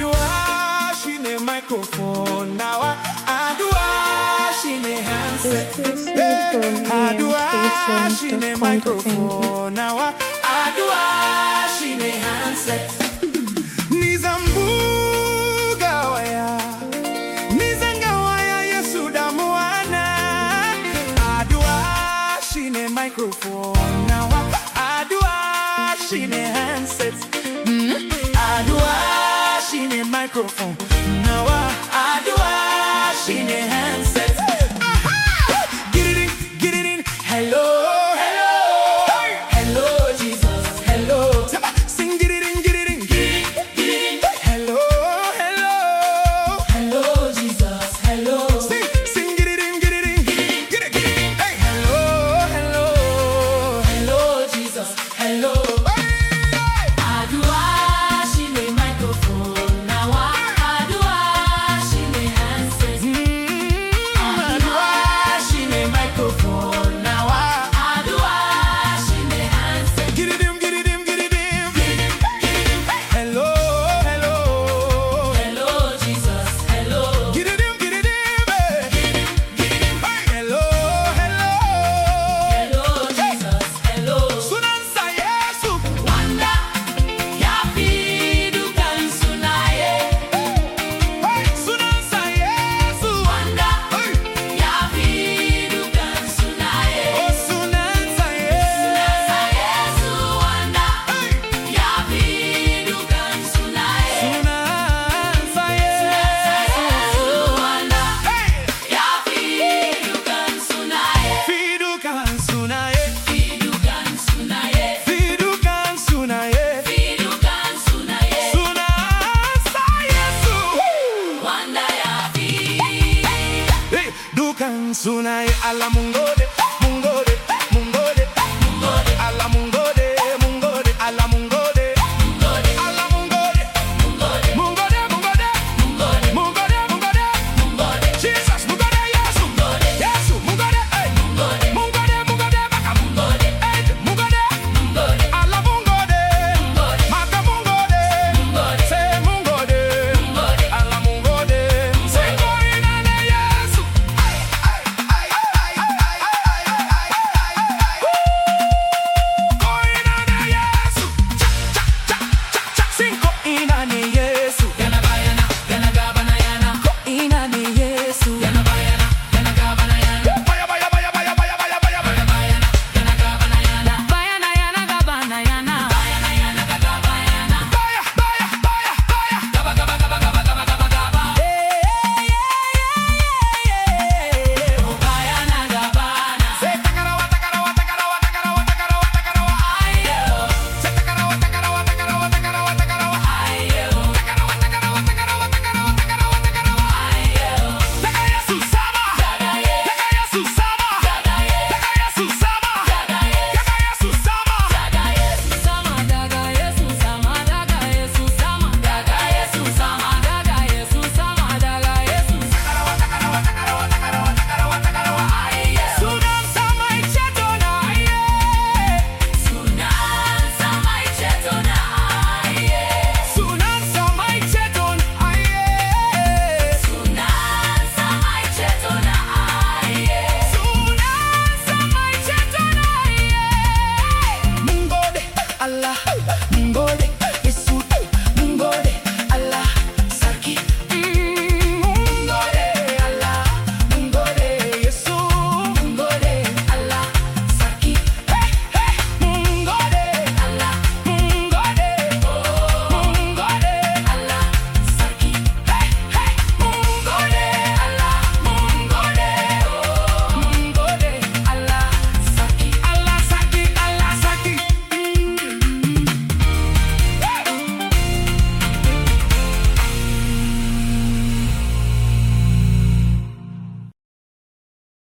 in shine microphone nawa Addu'a shine handset in shine microphone nawa Addu'a shine handset Nizam microphone now. I do she the handset. microphone Soon I alamungo de